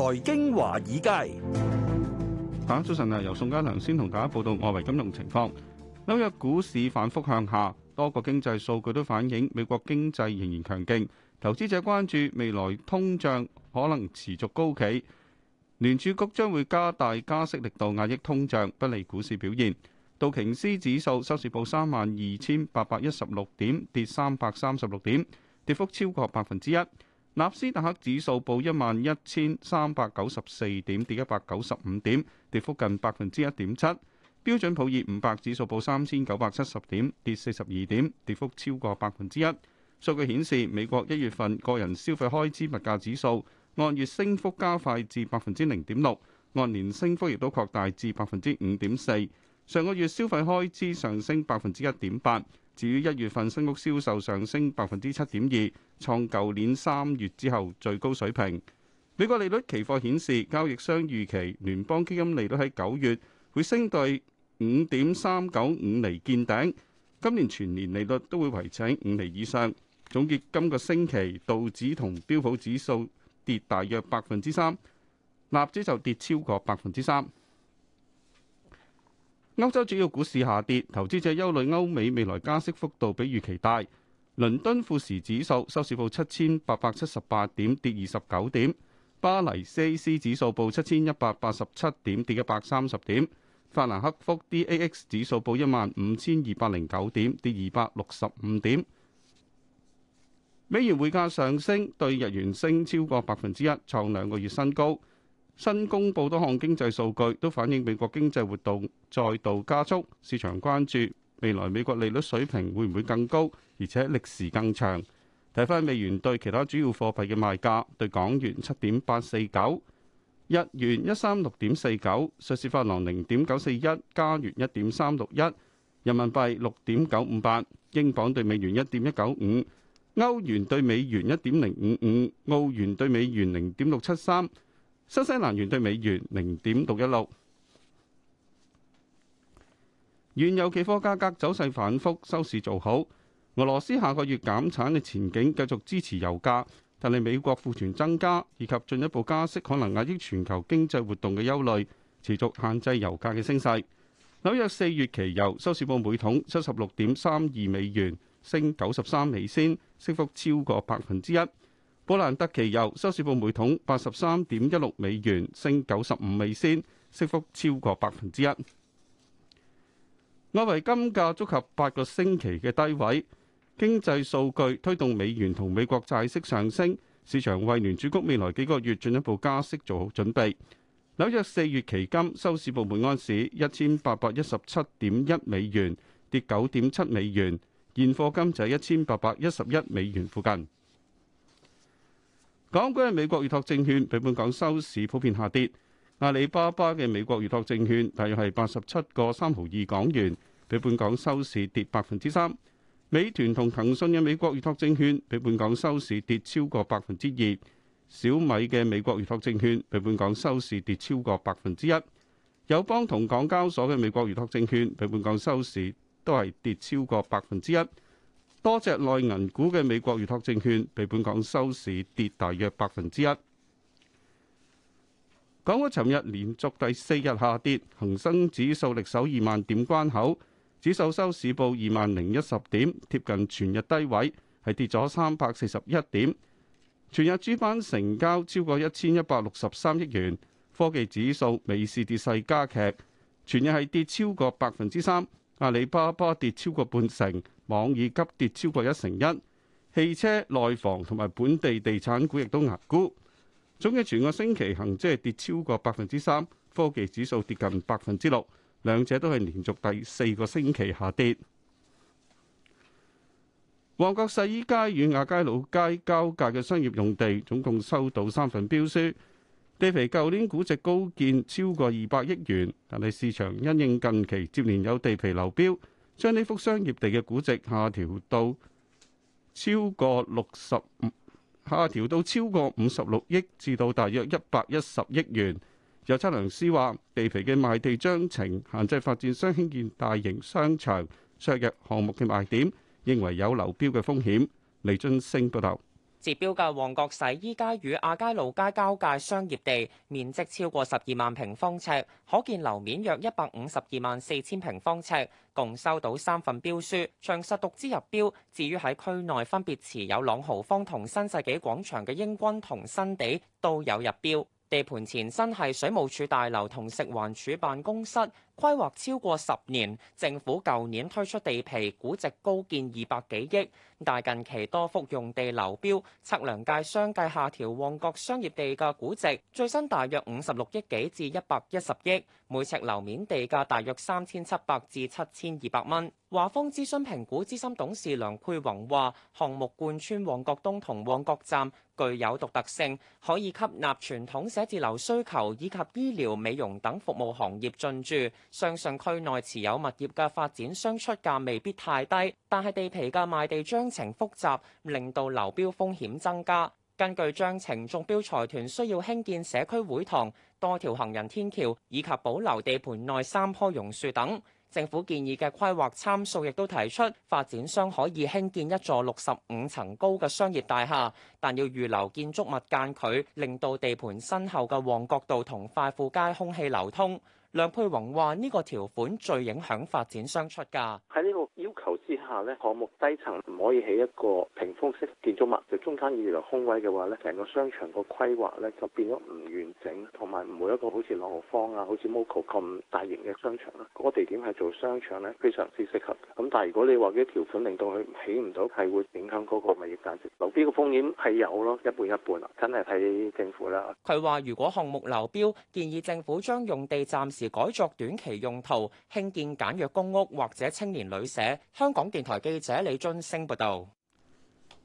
財經華爾街，大家早晨啊！由宋家良先同大家報道外圍金融情況。紐約股市反覆向下，多個經濟數據都反映美國經濟仍然強勁。投資者關注未來通脹可能持續高企，聯儲局將會加大加息力度壓抑通脹，不利股市表現。道瓊斯指數收市報三萬二千八百一十六點，跌三百三十六點，跌幅超過百分之一。納斯達克指數報一萬一千三百九十四點，跌一百九十五點，跌幅近百分之一點七。標準普爾五百指數報三千九百七十點，跌四十二點，跌幅超過百分之一。數據顯示，美國一月份個人消費開支物價指數按月升幅加快至百分之零點六，按年升幅亦都擴大至百分之五點四。上個月消費開支上升百分之一點八。至於一月份新屋銷售上升百分之七點二，創舊年三月之後最高水平。美國利率期貨顯示，交易商預期聯邦基金利率喺九月會升到五點三九五釐見頂，今年全年利率都會維持喺五釐以上。總結今個星期道指同標普指數跌大約百分之三，納指就跌超過百分之三。歐洲主要股市下跌，投資者憂慮歐美未來加息幅度比預期大。倫敦富時指數收市報七千八百七十八點，跌二十九點；巴黎 CAC 指數報七千一百八十七點，跌一百三十點；法蘭克福 DAX 指數報一萬五千二百零九點，跌二百六十五點。美元匯價上升，對日元升超過百分之一，創兩個月新高。新公布多項經濟數據都反映美國經濟活動再度加速，市場關注未來美國利率水平會唔會更高，而且歷時更長。睇翻美元對其他主要貨幣嘅賣價，對港元七點八四九，日元一三六點四九，瑞士法郎零點九四一，加元一點三六一，人民幣六點九五八，英鎊對美元一點一九五，歐元對美元一點零五五，澳元對美元零點六七三。新西蘭元兌美元零點六一六，6. 6. 原油期貨價格走勢反覆，收市做好。俄羅斯下個月減產嘅前景繼續支持油價，但係美國庫存增加以及進一步加息可能壓抑全球經濟活動嘅憂慮，持續限制油價嘅升勢。紐約四月期油收市報每桶七十六點三二美元，升九十三美仙，升幅超過百分之一。布蘭特期油收市報每桶八十三點一六美元，升九十五美仙，升幅超過百分之一。外圍金價觸及八個星期嘅低位，經濟數據推動美元同美國債息上升，市場為聯儲局未來幾個月進一步加息做好準備。紐約四月期金收市報每安士一千八百一十七點一美元，跌九點七美元，現貨金就係一千八百一十一美元附近。港股嘅美國預託證券，比本港收市普遍下跌。阿里巴巴嘅美國預託證券大約係八十七個三毫二港元，比本港收市跌百分之三。美團同騰訊嘅美國預託證券，比本港收市跌超過百分之二。小米嘅美國預託證券，比本港收市跌超過百分之一。友邦同港交所嘅美國預託證券，比本港收市都係跌超過百分之一。多隻內銀股嘅美國預託證券，被本港收市跌大約百分之一。港股尋日連續第四日下跌，恒生指數力守二萬點關口，指數收市報二萬零一十點，貼近全日低位，係跌咗三百四十一點。全日主板成交超過一千一百六十三億元，科技指數尾市跌勢加劇，全日係跌超過百分之三，阿里巴巴跌超過半成。網易急跌超過一成一，汽車內房同埋本地地產股亦都壓估。 總計全個星期恒指係跌超過百分之三，科技指數跌近百分之六，兩者都係連續第四個星期下跌。旺角洗衣街與亞皆老街交界嘅商業用地，總共收到三份標書。 地皮舊年估值高見超過二百億元，但係市場因應近期接連有地皮流標。將呢幅商業地嘅估值下調到超過六十五，下調到超過五十六億，至到大約一百一十億元。有測量師話，地皮嘅賣地章程限制發展商興建大型商場，削弱項目嘅賣點，認為有流標嘅風險。李俊升報道。截標嘅旺角洗衣街與亞皆老街交界商業地，面積超過十二萬平方尺，可建樓面約一百五十二萬四千平方尺，共收到三份標書，詳實獨資入標。至於喺區內分別持有朗豪坊同新世紀廣場嘅英軍同新地都有入標，地盤前身係水務署大樓同食環署辦公室。規劃超過十年，政府舊年推出地皮，估值高見二百幾億。但近期多幅用地流標，測量界相繼下調旺角商業地價估值，最新大約五十六億幾至一百一十億，每尺樓面地價大約三千七百至七千二百蚊。華豐諮詢評估資深董事梁佩宏話：項目貫穿旺角東同旺角站，具有獨特性，可以吸納傳統寫字樓需求以及醫療、美容等服務行業進駐。相信區內持有物業嘅發展商出價未必太低，但係地皮嘅賣地章程複雜，令到流標風險增加。根據章程，中標財團需要興建社區會堂、多條行人天橋以及保留地盤內三棵榕樹等。政府建議嘅規劃參數亦都提出，發展商可以興建一座六十五層高嘅商業大廈，但要預留建築物間距，令到地盤身後嘅旺角道同快富街空氣流通。梁佩宏話呢、這個條款最影響發展商出價。喺呢個要求之下呢，項目低層唔可以起一個屏風式建築物，就中間要有空位嘅話呢，成個商場個規劃呢就變咗唔完整，同埋唔會一個好似朗豪坊啊、好似 Moco 咁大型嘅商場啦。嗰個地點係做商場呢非常之適合。咁但係如果你話啲條款令到佢起唔到，係會影響嗰個物業價值，流標嘅風險係有咯，一半一半啊，真係睇政府啦。佢話如果項目流標，建議政府將用地暫時。改作短期用途，興建簡約公屋或者青年旅舍。香港電台記者李津升報導。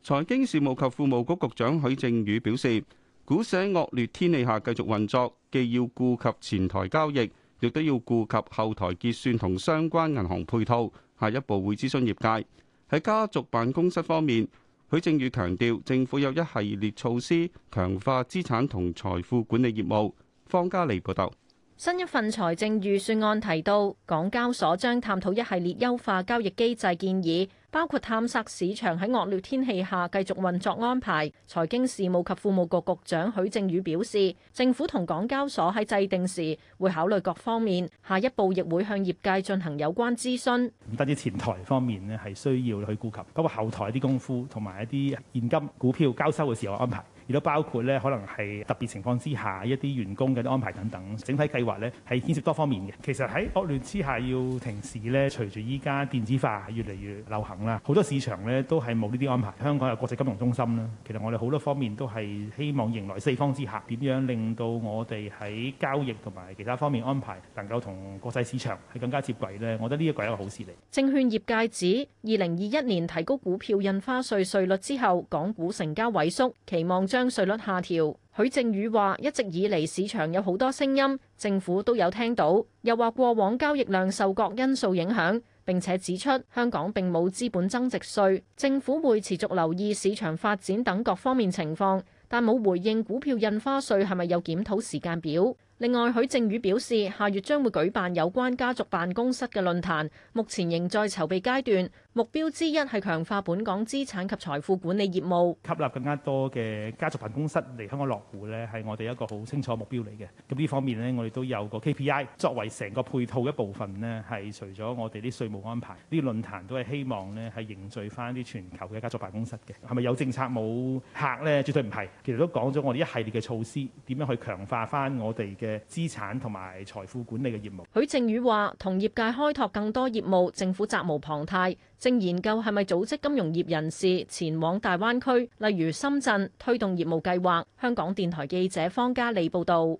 財經事務及庫務局局長許正宇表示，股市惡劣天氣下繼續運作，既要顧及前台交易，亦都要顧及後台結算同相關銀行配套。下一步會諮詢業界。喺家族辦公室方面，許正宇強調，政府有一系列措施強化資產同財富管理業務。方嘉莉報導。新一份財政預算案提到，港交所將探討一系列優化交易機制建議，包括探索市場喺惡劣天氣下繼續運作安排。財經事務及庫務局局局長許正宇表示，政府同港交所喺制定時會考慮各方面，下一步亦會向業界進行有關諮詢。唔單止前台方面咧，係需要去顧及，包括後台啲功夫同埋一啲現金股票交收嘅時候安排。而都包括咧，可能係特別情況之下一啲員工嘅安排等等，整體計劃呢，係牽涉多方面嘅。其實喺惡劣之下要停市呢，隨住依家電子化越嚟越流行啦，好多市場呢都係冇呢啲安排。香港有國際金融中心啦，其實我哋好多方面都係希望迎來四方之客，點樣令到我哋喺交易同埋其他方面安排能夠同國際市場係更加接軌咧？我覺得呢一個係一個好事嚟。證券業界指，二零二一年提高股票印花稅稅率之後，港股成交萎縮，期望。將稅率下調，許正宇話：一直以嚟市場有好多聲音，政府都有聽到，又話過往交易量受各因素影響，並且指出香港並冇資本增值稅，政府會持續留意市場發展等各方面情況，但冇回應股票印花稅係咪有檢討時間表。另外，許正宇表示，下月將會舉辦有關家族辦公室嘅論壇，目前仍在籌備階段。目標之一係強化本港資產及財富管理業務，吸納更加多嘅家族辦公室嚟香港落戶咧，係我哋一個好清楚目標嚟嘅。咁呢方面呢，我哋都有個 KPI 作為成個配套一部分呢，係除咗我哋啲稅務安排，啲論壇都係希望呢係凝聚翻啲全球嘅家族辦公室嘅。係咪有政策冇客咧？絕對唔係。其實都講咗我哋一系列嘅措施，點樣去強化翻我哋嘅資產同埋財富管理嘅業務。許正宇話：同業界開拓更多業務，政府責無旁貸。正研究係咪組織金融業人士前往大灣區，例如深圳推動業務計劃。香港電台記者方嘉莉報導。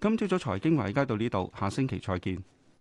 今朝早財經華爾街到呢度，下星期再見。